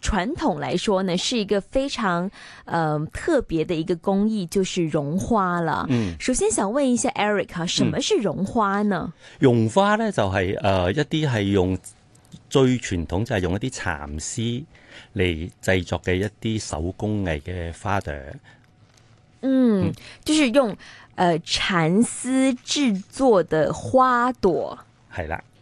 傳統來說呢，是一個非常，嗯、呃、特別的一個工藝，就是絨花了。嗯，首先想問一下 Eric 哈，什麼是絨花呢？絨、嗯、花呢，就係、是、誒、呃、一啲係用最傳統就係用一啲蠶絲嚟製作嘅一啲手工藝嘅花朵，嗯就是呃、花朵。嗯，就是用誒、呃、蠶絲製作的花朵。係啦。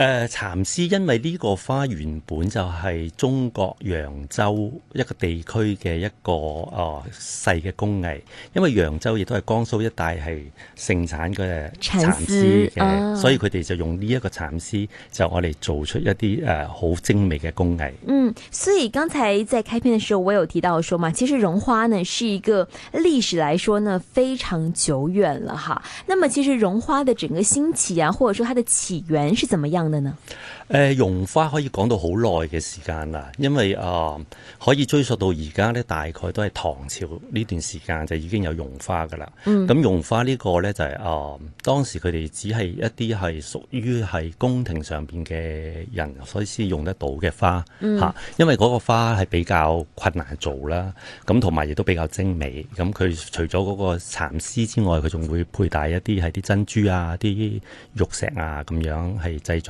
誒、呃，蠶絲，因為呢個花原本就係中國揚州一個地區嘅一個誒細嘅工藝，因為揚州亦都係江蘇一帶係盛產嘅蠶絲嘅，所以佢哋就用呢一個蠶絲就我哋做出一啲誒好精美嘅工藝。嗯，所以剛才在開篇的時候我有提到說嘛，其實絨花呢是一個歷史來說呢非常久遠了哈。那麼其實絨花的整個興起啊，或者說它的起源是怎麼樣的？嗯嗯、誒，絨花可以講到好耐嘅時間啦，因為啊、呃，可以追溯到而家咧，大概都係唐朝呢段時間就已經有絨花噶啦。嗯，咁、嗯、絨、嗯、花這個呢個咧就係、是、啊、呃，當時佢哋只係一啲係屬於係宮廷上邊嘅人所以先用得到嘅花吓、嗯啊，因為嗰個花係比較困難做啦，咁同埋亦都比較精美。咁、嗯、佢除咗個蠶絲之外，佢仲會佩戴一啲係啲珍珠啊、啲玉石啊咁樣係製作。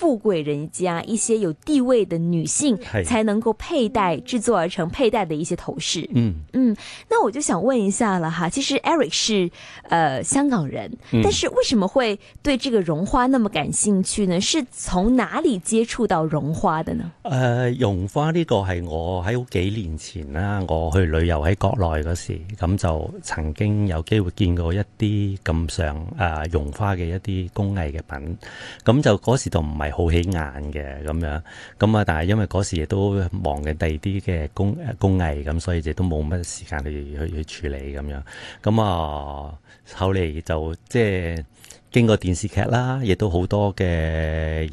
富貴人家一些有地位的女性才能夠佩戴製作而成佩戴的一些頭飾。嗯嗯，那我就想問一下了哈，其實 Eric 是呃香港人，嗯，但是為什麼會對這個絨花那麼感興趣呢？是從哪裏接觸到絨花的呢？呃，絨花呢個係我喺好幾年前啦，我去旅遊喺國內嗰時，咁就曾經有機會見過一啲咁上啊絨花嘅一啲工藝嘅品，咁就嗰時就唔係。好起眼嘅咁樣，咁啊，但係因為嗰時亦都忙緊第二啲嘅工工藝，咁所以亦都冇乜時間去去去處理咁樣。咁啊，後嚟就即係、就是、經過電視劇啦，亦都好多嘅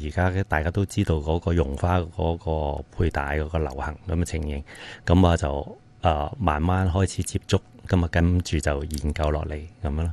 而家嘅大家都知道嗰個融花嗰個佩戴嗰、那個流行咁嘅情形。咁啊就、呃、慢慢開始接觸，咁啊跟住就研究落嚟咁樣啦。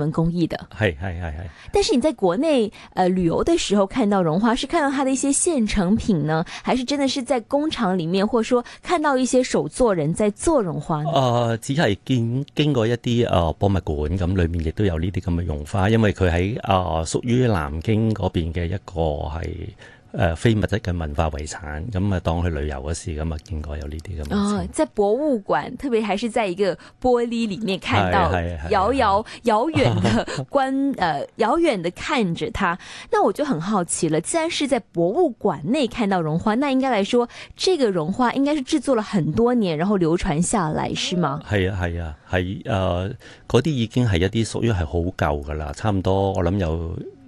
文工藝的，係係係係。但是你在國內，誒、呃、旅遊的時候看到絨花，是看到它的一些現成品呢，還是真的是在工廠裏面，或者說看到一些手作人在做絨花呢？誒、呃，只係見經過一啲誒、呃、博物館咁，裏面亦都有呢啲咁嘅絨花，因為佢喺誒屬於南京嗰邊嘅一個係。呃、非物質嘅文化遺產，咁啊當去旅遊嗰時，咁啊見過有呢啲咁啊，在博物館，特別還是喺一個玻璃裏面看到，遙遙遙遠的觀，遙、 呃、遠的看着它。那我就很好奇了，既然是在博物館內看到絨花，那應該來說，這個絨花應該是製作了很多年，嗯、然後流傳下來，是嗎？係啊，係啊，係誒，嗰、呃、啲已經係一啲屬於係好舊噶啦，差唔多，我諗有。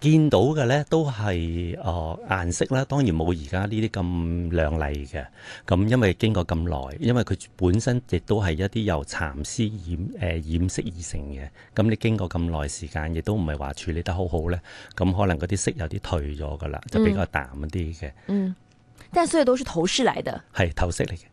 見到嘅咧都係誒、呃、顏色啦，當然冇而家呢啲咁亮麗嘅，咁、嗯、因為經過咁耐，因為佢本身亦都係一啲由蠶絲染誒、呃、染色而成嘅，咁你經過咁耐時間，亦都唔係話處理得好好咧，咁可能嗰啲色有啲退咗噶啦，就比較淡一啲嘅。嗯，但所以都係頭飾嚟嘅，係頭飾嚟嘅。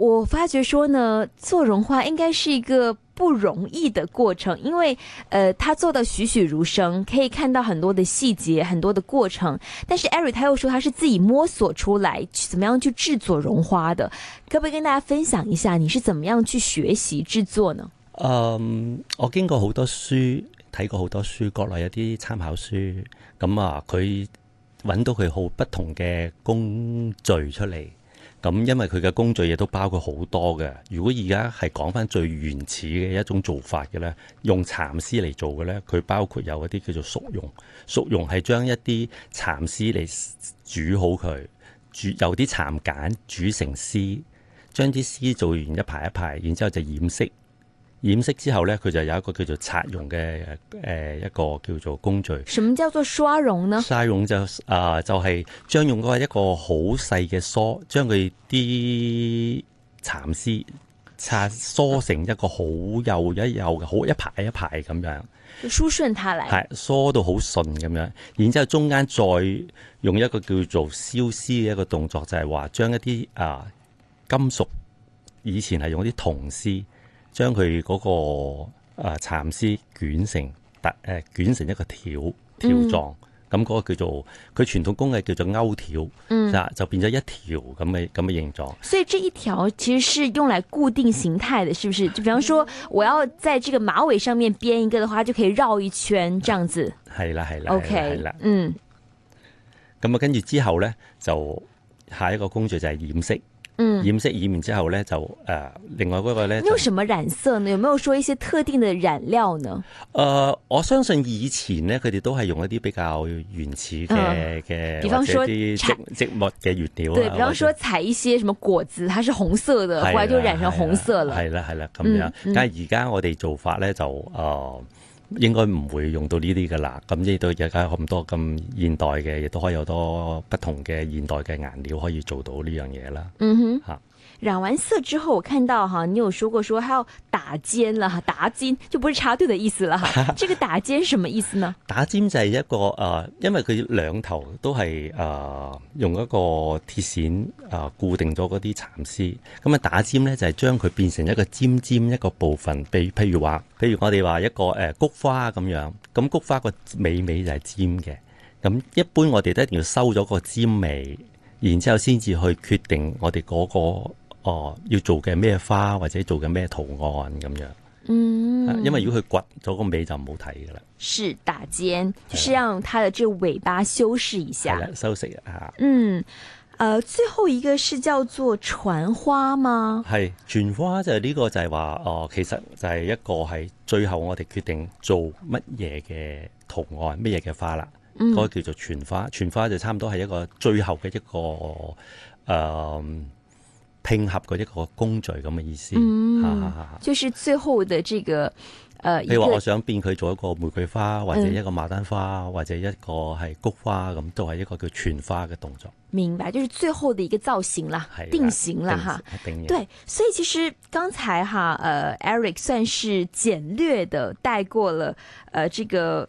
我發覺說呢，做絨花應該是一個不容易的過程，因為，呃，它做得栩栩如生，可以看到很多的細節，很多的過程。但是 Eric 他又說他是自己摸索出來怎麼樣去製作絨花的，可不可以跟大家分享一下你是怎麼樣去學習製作呢？嗯、um,，我經過好多書，睇過好多書，國內有啲參考書，咁、嗯、啊，佢搵到佢好不同嘅工序出嚟。咁因為佢嘅工序亦都包括好多嘅。如果而家係講翻最原始嘅一種做法嘅咧，用蠶絲嚟做嘅咧，佢包括有一啲叫做熟用。熟用係將一啲蠶絲嚟煮好佢，煮有啲蠶繭煮成絲，將啲絲做完一排一排，然之後就染色。掩飾之後咧，佢就有一個叫做刷茸嘅，誒一個叫做工具。什麼叫做刷茸呢？刷茸就啊、呃，就係、是、將用個一個好細嘅梳，將佢啲蠶絲刷梳成一個好幼一幼嘅，好一排一排咁樣。順來梳順它嚟。係梳到好順咁樣，然之後中間再用一個叫做消絲嘅一個動作，就係、是、話將一啲啊、呃、金屬，以前係用啲銅絲。將佢嗰個誒蠶絲捲成大誒，捲成一個條條狀，咁嗰，嗯那個叫做佢傳統工藝叫做勾條，嗱、嗯、就變咗一條咁嘅咁嘅形狀。所以這一條其實是用嚟固定形態嘅，是不是？就比方說，我要在這個馬尾上面編一個的話，就可以繞一圈，這樣子。係、嗯、啦係啦，啦，OK 啦，啦，啦，嗯。咁啊，跟住之後咧，就下一個工序就係染色。嗯、染色染完之後咧就誒、呃，另外嗰個咧，你用什麼染色呢？有冇有說一些特定嘅染料呢？誒、呃，我相信以前咧，佢哋都係用一啲比較原始嘅嘅、嗯，比方說植植物嘅原料，對，比方說採一些什麼果子，它是紅色嘅，後來就染成紅色啦。係啦係啦，咁樣。嗯嗯、但係而家我哋做法咧就誒。呃應該唔會用到呢啲㗎喇，咁呢度而家有咁多咁現代嘅，亦都可以有多不同嘅現代嘅顏料可以做到呢樣嘢喇。嗯哼，嚇。染完色之後，我看到哈，你有說過說還要打尖啦，打尖就不是插隊的意思啦。哈，這個打尖什麼意思呢？ 打尖就係一個、呃、因為佢兩頭都係誒、呃、用一個鐵線、呃、固定咗嗰啲蠶絲，咁、嗯、啊打尖咧就係將佢變成一個尖尖一個部分，比譬如話，譬如我哋話一個誒、呃、菊花咁樣，咁、嗯、菊花個尾尾就係尖嘅，咁、嗯、一般我哋都一定要收咗個尖尾，然之後先至去決定我哋嗰、那個。哦，要做嘅咩花或者做嘅咩圖案咁樣？嗯，因為如果佢掘咗個尾就唔好睇噶啦。是打尖，就是,、啊、是讓它嘅這尾巴修飾一下。修飾啊。嗯，誒、呃，最後一個是叫做傳花嗎？係傳花就呢個就係話，哦、呃，其實就係一個係最後我哋決定做乜嘢嘅圖案，乜嘢嘅花啦。嗰、嗯，那個叫做傳花，傳花就差唔多係一個最後嘅一個誒。呃拼合嘅一個工序咁嘅意思，啊、嗯，就是最後的這個，誒、呃，譬如話我想變佢做一個玫瑰花，或者一個牡丹花、嗯，或者一個係菊花咁，都係一個叫全花嘅動作。明白，就是最後的一個造型啦，定型啦，哈、啊，定型。對，所以其實剛才哈，誒、呃、，Eric 算是簡略的帶過了，誒、呃，這個。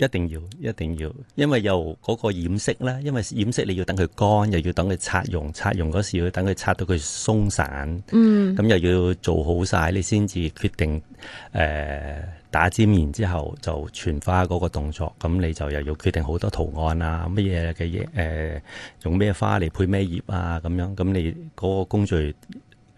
一定要，一定要，因為由嗰個染色啦，因為染色你要等佢乾，又要等佢擦絨，擦絨嗰時候要等佢擦到佢鬆散，嗯，咁又要做好晒，你先至決定誒、呃、打尖，然之後就全花嗰個動作，咁你就又要決定好多圖案啊，乜嘢嘅嘢，誒、呃，用咩花嚟配咩葉啊，咁樣，咁你嗰個工序。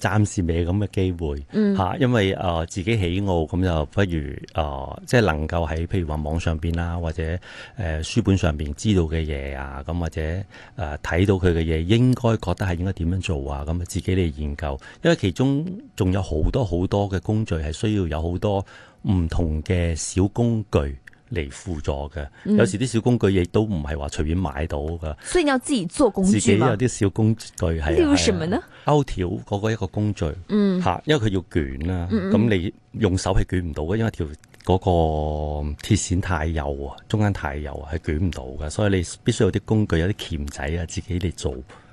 暫時未有咁嘅機會，嗯、因為、呃、自己喜惡咁，就不如、呃、即係能夠喺譬如話網上面啦，或者誒、呃、書本上面知道嘅嘢啊，咁或者睇、呃、到佢嘅嘢，應該覺得係應該點樣做啊，咁自己嚟研究，因為其中仲有好多好多嘅工序係需要有好多唔同嘅小工具。嚟輔助嘅、嗯，有時啲小工具亦都唔係話隨便買到㗎。所以你要自己做工具。自己有啲小工具係。例如什麼呢？勾條嗰個一個工具，嗯，嚇、嗯，因為佢要捲啦，咁你用手係捲唔到嘅，因為條嗰個鐵線太幼啊，中間太幼係捲唔到嘅，所以你必須有啲工具，有啲鉗仔啊，自己嚟做。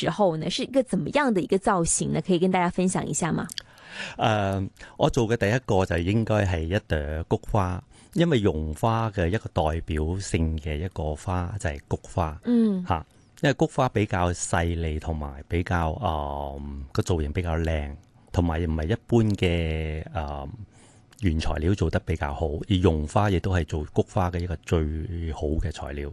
時候呢，是一個怎麼樣的一個造型呢？可以跟大家分享一下嗎？誒、uh,，我做嘅第一個就應該係一朵菊花，因為絨花嘅一個代表性嘅一個花就係菊花。嗯，吓，因為菊花比較細膩，同埋比較誒個、呃、造型比較靚，同埋唔係一般嘅誒、呃、原材料做得比較好，而絨花亦都係做菊花嘅一個最好嘅材料。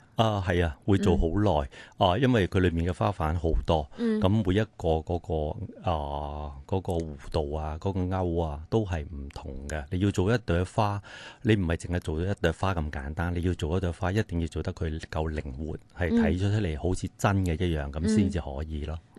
啊，係啊，會做好耐、嗯、啊，因為佢裏面嘅花瓣好多，咁、嗯、每一個嗰、嗰個啊、呃嗰個弧度啊，嗰、嗰個勾啊，都係唔同嘅。你要做一朵花，你唔係淨係做一朵花咁簡單，你要做一朵花，一定要做得佢夠靈活，係睇咗出嚟好似真嘅一樣，咁先至可以咯。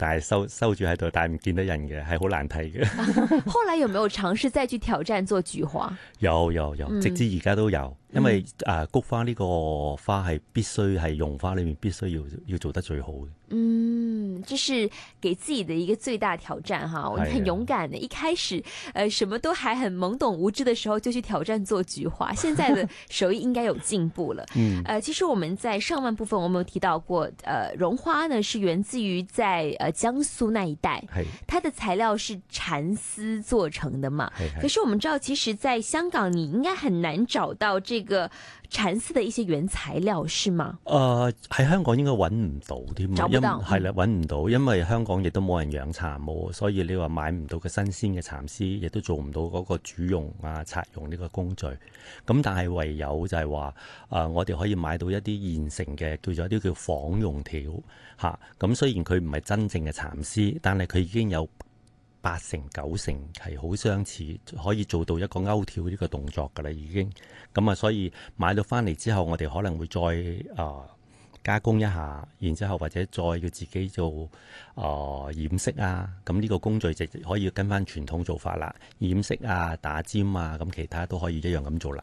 但係收收住喺度，但係唔見得人嘅，係好難睇嘅、 啊。後來有沒有嘗試再去挑戰做菊花？有有有、嗯，直至而家都有，因為誒、嗯啊、菊花呢個花係必須係絨花裏面必須要要做得最好嘅。嗯，就是給自己的一個最大挑戰哈、啊，我很勇敢嘅、啊。一開始誒、呃、什麼都還很懵懂無知的時候，就去挑戰做菊花，現在的手藝應該有進步了。 嗯，誒、呃、其實我們在上半部分我們有提到過，誒、呃、絨花呢是源自於在誒。呃江蘇那一帶，它的材料是蠶絲做成的嘛？可是我們知道，其實，在香港你應該很難找到這個蠶絲的一些原材料，是嗎？誒、呃，喺香港應該搵唔到添，找不到係啦，搵唔、嗯、到，因為香港亦都冇人養蠶，所以你話買唔到個新鮮嘅蠶絲，亦都做唔到嗰個煮用啊、擦用呢個工序。咁但係唯有就係話，誒、呃，我哋可以買到一啲現成嘅，叫做一啲叫仿用條吓。咁、啊、雖然佢唔係真正嘅蠶絲，但係佢已經有八成九成係好相似，可以做到一個勾挑呢個動作㗎啦。已經咁啊、嗯，所以買到翻嚟之後，我哋可能會再啊、呃、加工一下，然之後或者再要自己做啊染色啊。咁、嗯、呢、這個工序直接可以跟翻傳統做法啦，染色啊、打尖啊，咁、嗯、其他都可以一樣咁做啦。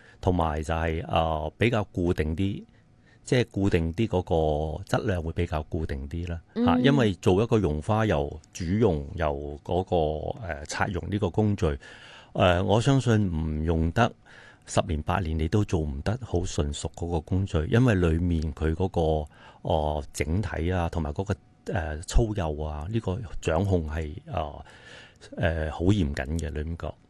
同埋就係啊，比較固定啲，即係固定啲嗰個質量會比較固定啲啦。嚇、嗯，因為做一個溶花油、主溶油嗰個擦溶呢個工序，誒、呃、我相信唔用得十年八年你都做唔得好純熟嗰個工序，因為裡面佢嗰個、呃、整體啊，同埋嗰個粗幼、呃、啊，呢個掌控係啊誒好嚴謹嘅，你咁講。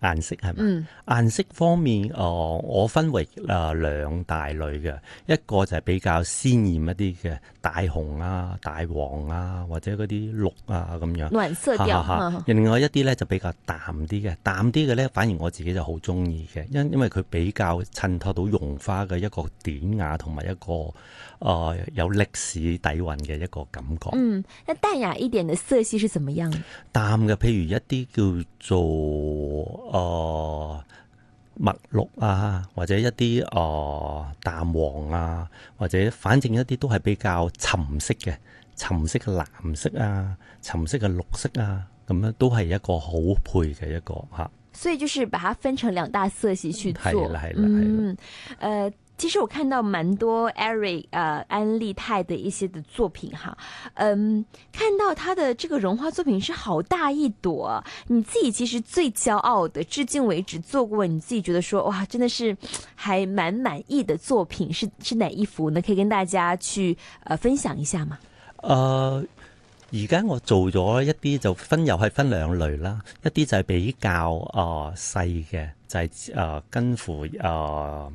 顏色係咪、嗯？顏色方面，哦、呃，我分為啊兩、呃、大類嘅，一個就係比較鮮豔一啲嘅，大紅啊、大黃啊，或者嗰啲綠啊咁樣。暖色調、啊。另外一啲咧就比較淡啲嘅，淡啲嘅咧反而我自己就好中意嘅，因因為佢比較襯托到絨花嘅一個典雅同埋一個誒、呃、有歷史底蘊嘅一個感覺。嗯，那淡雅一點嘅色系是怎麼樣的？淡嘅，譬如一啲叫做。哦、呃，墨綠啊，或者一啲哦、呃，淡黃啊，或者反正一啲都係比較沉色嘅，沉色嘅藍色啊，沉色嘅綠色啊，咁咧都係一個好配嘅一個吓。所以就是把它分成兩大色系去做，嗯，係啦、係啦，誒。其實我看到蠻多 Eric、呃、安利泰的一些的作品哈，嗯，看到他的這個絨花作品是好大一朵啊。你自己其實最驕傲的，至今為止做過你自己覺得說哇，真的是還蠻滿意的作品，是是哪一幅呢？可以跟大家去，呃、分享一下嘛？誒、呃，而家我做咗一啲就分又係分兩類啦，一啲就係比較誒細嘅，就係誒近乎誒。呃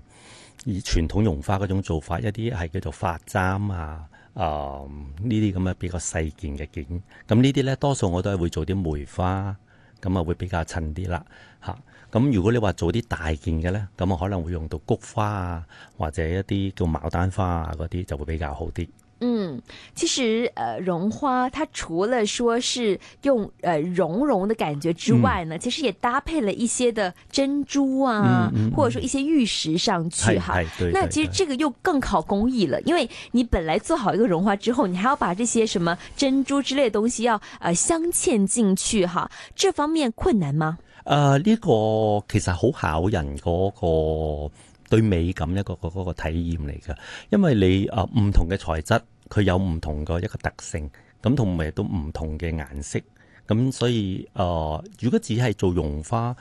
以傳統絨花嗰種做法，一啲係叫做髮簪啊，誒呢啲咁嘅比較細件嘅景。咁呢啲咧多數我都係會做啲梅花，咁啊會比較襯啲啦嚇。咁、啊、如果你話做啲大件嘅咧，咁啊可能會用到菊花啊，或者一啲叫牡丹花啊嗰啲就會比較好啲。嗯，其實，呃絨花，它除了說是用，呃絨絨的感覺之外呢，嗯，其實也搭配了一些的珍珠啊，嗯嗯，或者說一些玉石上去哈，嗯嗯嗯。那其實這個又更考工藝了，嗯，因為你本來做好一個絨花之後，你還要把這些什麼珍珠之類的東西要，呃鑲嵌進去哈。這方面困難嗎？呃，呢個其實好考人嗰個對美感一個、嗰個、嗰個體驗嚟嘅，因為你誒唔、呃、同嘅材質。佢有唔同嘅一個特性，咁同埋都唔同嘅顏色，咁所以誒、呃、如果只係做絨花。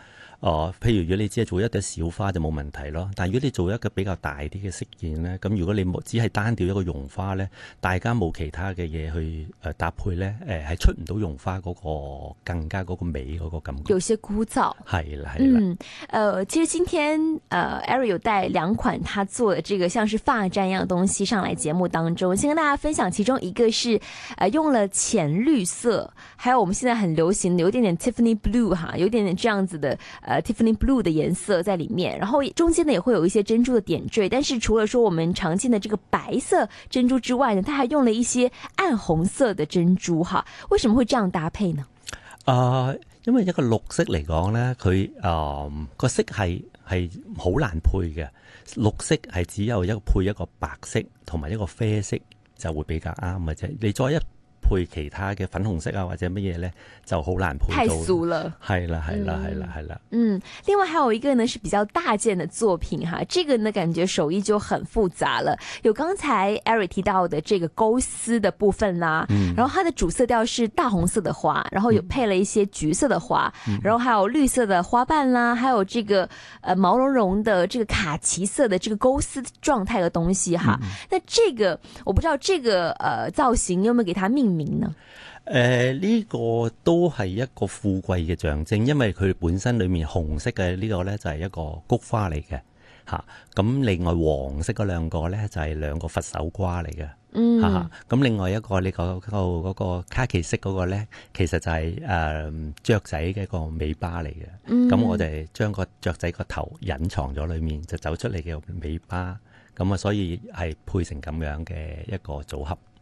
哦，譬如如果你只係做一朵小花就冇問題咯，但係如果你做一個比較大啲嘅飾件呢？咁如果你冇只係單調一個絨花呢，大家冇其他嘅嘢去誒搭、呃、配呢，誒、呃、係出唔到絨花嗰、那個更加嗰個美嗰個感覺。有些枯燥。係啦係啦。嗯、呃，其實今天誒，Eric、呃、有帶兩款他做嘅這個像是髮簪一樣東西上嚟節目當中，我先跟大家分享其中一個是誒、呃、用了淺綠色，還有我們現在很流行的有點點 Tiffany Blue 哈，有點點這樣子的誒。呃 Tiffany blue 的顏色在裏面，然後中間呢也會有一些珍珠的點綴。但是除了說我們常見的這個白色珍珠之外呢，它還用了一些暗紅色的珍珠哈。為什麼會這樣搭配呢？呃，因為一個綠色嚟講呢，佢呃個色系係好難配嘅。綠色係只有一個配一個白色，同埋一個啡色就會比較啱嘅啫。你再一配其他嘅粉紅色啊或者乜嘢呢，就好難配。太俗了。係啦係、嗯、啦係啦係啦。嗯，另外還有一個呢是比較大件的作品哈，這個呢感覺手藝就很複雜了，有剛才 Eric 提到的這個鈎絲的部分啦、啊嗯，然後它的主色調是大紅色的花，然後有配了一些橘色的花、嗯，然後還有綠色的花瓣啦，嗯、還有這個呃毛茸茸的這個卡其色的這個鈎絲狀態的東西哈、啊嗯。那這個我不知道這個呃造型有沒有給它命。面、呃、啦，誒，呢個都係一個富貴嘅象徵，因為佢本身裏面紅色嘅呢個咧就係、是、一個菊花嚟嘅，吓、啊，咁另外黃色嗰兩個咧就係、是、兩個佛手瓜嚟嘅、啊，嗯，吓、啊，咁另外一個呢嗰個個卡其色嗰個咧，其實就係、是、誒、呃、雀仔嘅一個尾巴嚟嘅，咁、啊嗯、我哋將個雀仔個頭隱藏咗裏面，就走出嚟嘅尾巴，咁啊，所以係配成咁樣嘅一個組合。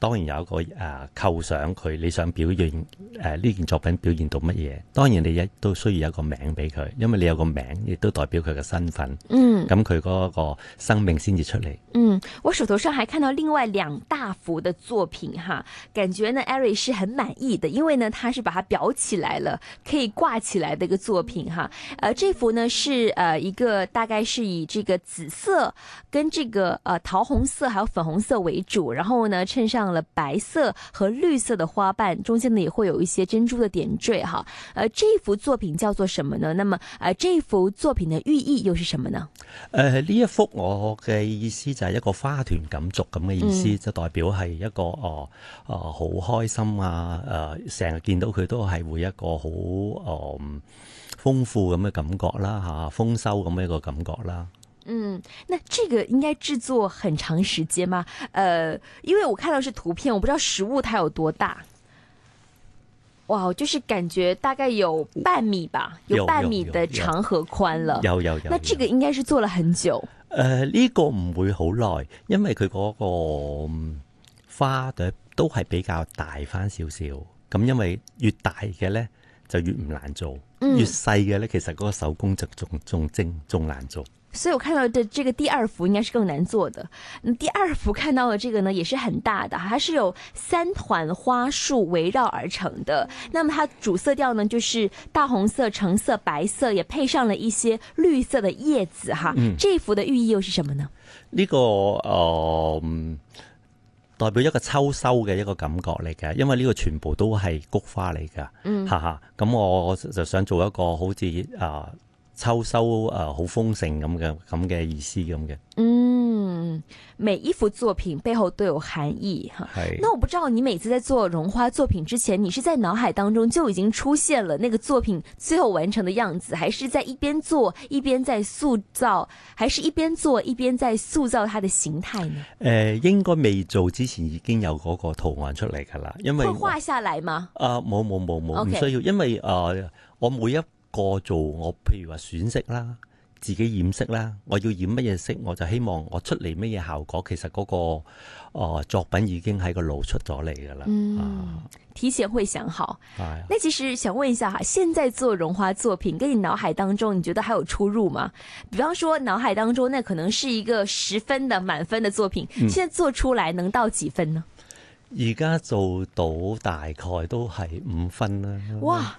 當然有一個誒構想，佢、呃、你想表現誒呢件作品表現到乜嘢？當然你亦都需要有一個名俾佢，因為你有個名亦都代表佢嘅身份。嗯，咁佢嗰個生命先至出嚟。嗯，我手頭上還看到另外兩大幅的作品哈，感覺呢，Eric 是很滿意的，因為呢，他是把它裱起來了，可以掛起來的一個作品哈。而、呃、這幅呢是誒、呃、一個大概是以這個紫色跟這個誒、呃、桃紅色還有粉紅色為主，然後呢襯上。了白色和綠色的花瓣，中間呢也會有一些珍珠的點綴哈。而、呃、這一幅作品叫做什麼呢？那麼，啊、呃，這一幅作品的寓意又是什麼呢？誒、呃，呢一幅我嘅意思就係一個花團錦簇咁嘅意思，就、嗯、代表係一個哦哦好開心啊！誒、呃，成日見到佢都係會一個好哦豐富咁嘅感覺啦，吓、啊、豐收咁嘅一個感覺啦。嗯，那這個應該製作很長時間嗎？呃，因為我看到是圖片，我不知道實物它有多大。哇，就是感覺大概有半米吧，有半米的長和寬了。有有有，有，那這個應該是做了很久。有有有有有有。呃，呢、這個唔會好耐，因為佢嗰個花朵都係比較大翻少少。咁因為越大嘅咧，就越唔難做，越細嘅咧其實嗰個手工就仲仲精仲難做。所以我看到的這個第二幅應該是更難做的。第二幅看到的這個呢，也是很大的，它是由三團花束圍繞而成的。那麼它主色調呢，就是大紅色、橙色、白色，也配上了一些綠色的葉子哈。這幅的寓意又是什麼呢？呢、嗯呢個、呃、代表一個秋收嘅一個感覺嚟嘅，因為呢個全部都係菊花嚟嘅。嗯。哈哈，咁我就想做一個好似誒。呃秋收啊，好、呃、豐盛咁嘅咁嘅意思咁嘅。嗯，每一幅作品背後都有含義哈。係。那我不知道你每次在做絨花作品之前，你是在腦海當中就已經出現了那個作品最後完成的樣子，還是在一邊做一邊在塑造，還是一邊做一邊在塑造它的形態呢？誒、呃，應該未做之前已經有嗰個圖案出嚟噶啦，因為會畫下來嗎？啊、呃，冇冇冇冇，Okay. 唔需要，因為啊、呃，我每一。過做我，譬如話選色啦，自己染色啦，我要染乜嘢色，我就希望我出嚟乜嘢效果。其實嗰、那個誒、呃、作品已經喺個腦出咗嚟噶啦。嗯，提前會想好。係、啊。那其實想問一下，哈，現在做絨花作品，跟你腦海當中你覺得還有出入嗎？比方說腦海當中，那可能是一個十分的滿分的作品，現在做出來能到幾分呢？而、嗯、家做到大概都係五分啦。哇！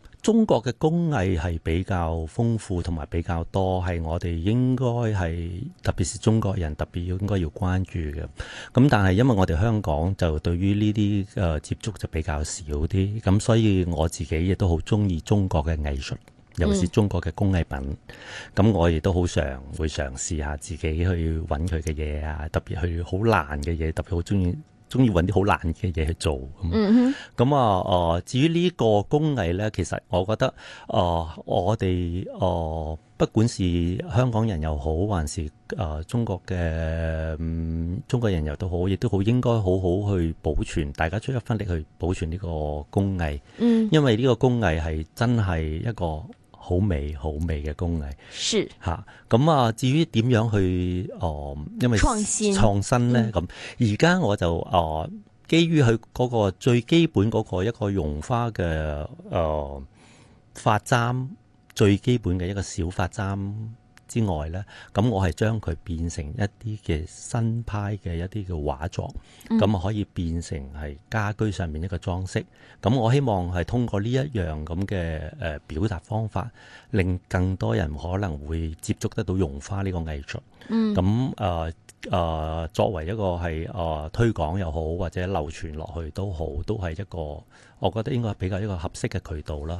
中國嘅工藝係比較豐富同埋比較多，係我哋應該係特別是中國人特別要應該要關注嘅。咁但係因為我哋香港就對於呢啲誒接觸就比較少啲，咁所以我自己亦都好鍾意中國嘅藝術，尤其是中國嘅工藝品。咁我亦都好常會嘗試下自己去揾佢嘅嘢啊，特別係好難嘅嘢，特別好鍾意。中意揾啲好難嘅嘢去做咁，咁、嗯、啊，誒、呃，至於呢個工藝咧，其實我覺得，誒、呃，我哋，誒、呃，不管是香港人又好，還是誒、呃、中國嘅、嗯、中國人又好，亦都好應該好好去保存，大家出一分力去保存呢個工藝。嗯，因為呢個工藝係真係一個。好美好美嘅工藝，嚇咁啊！至於點樣去哦、呃？因為創新,新呢？咁、嗯，而家我就哦、呃，基於佢嗰個最基本嗰個一個絨花嘅誒髮簪，最基本嘅一個小髮簪。之外咧，咁我係將佢變成一啲嘅新派嘅一啲嘅畫作，咁可以變成係家居上面一個裝飾。咁我希望係通過呢一樣咁嘅表達方法，令更多人可能會接觸得到融花呢個藝術。咁、呃呃、作為一個係、呃、推廣又好，或者流傳落去都好，都係一個我覺得應該比較一個合適嘅渠道啦。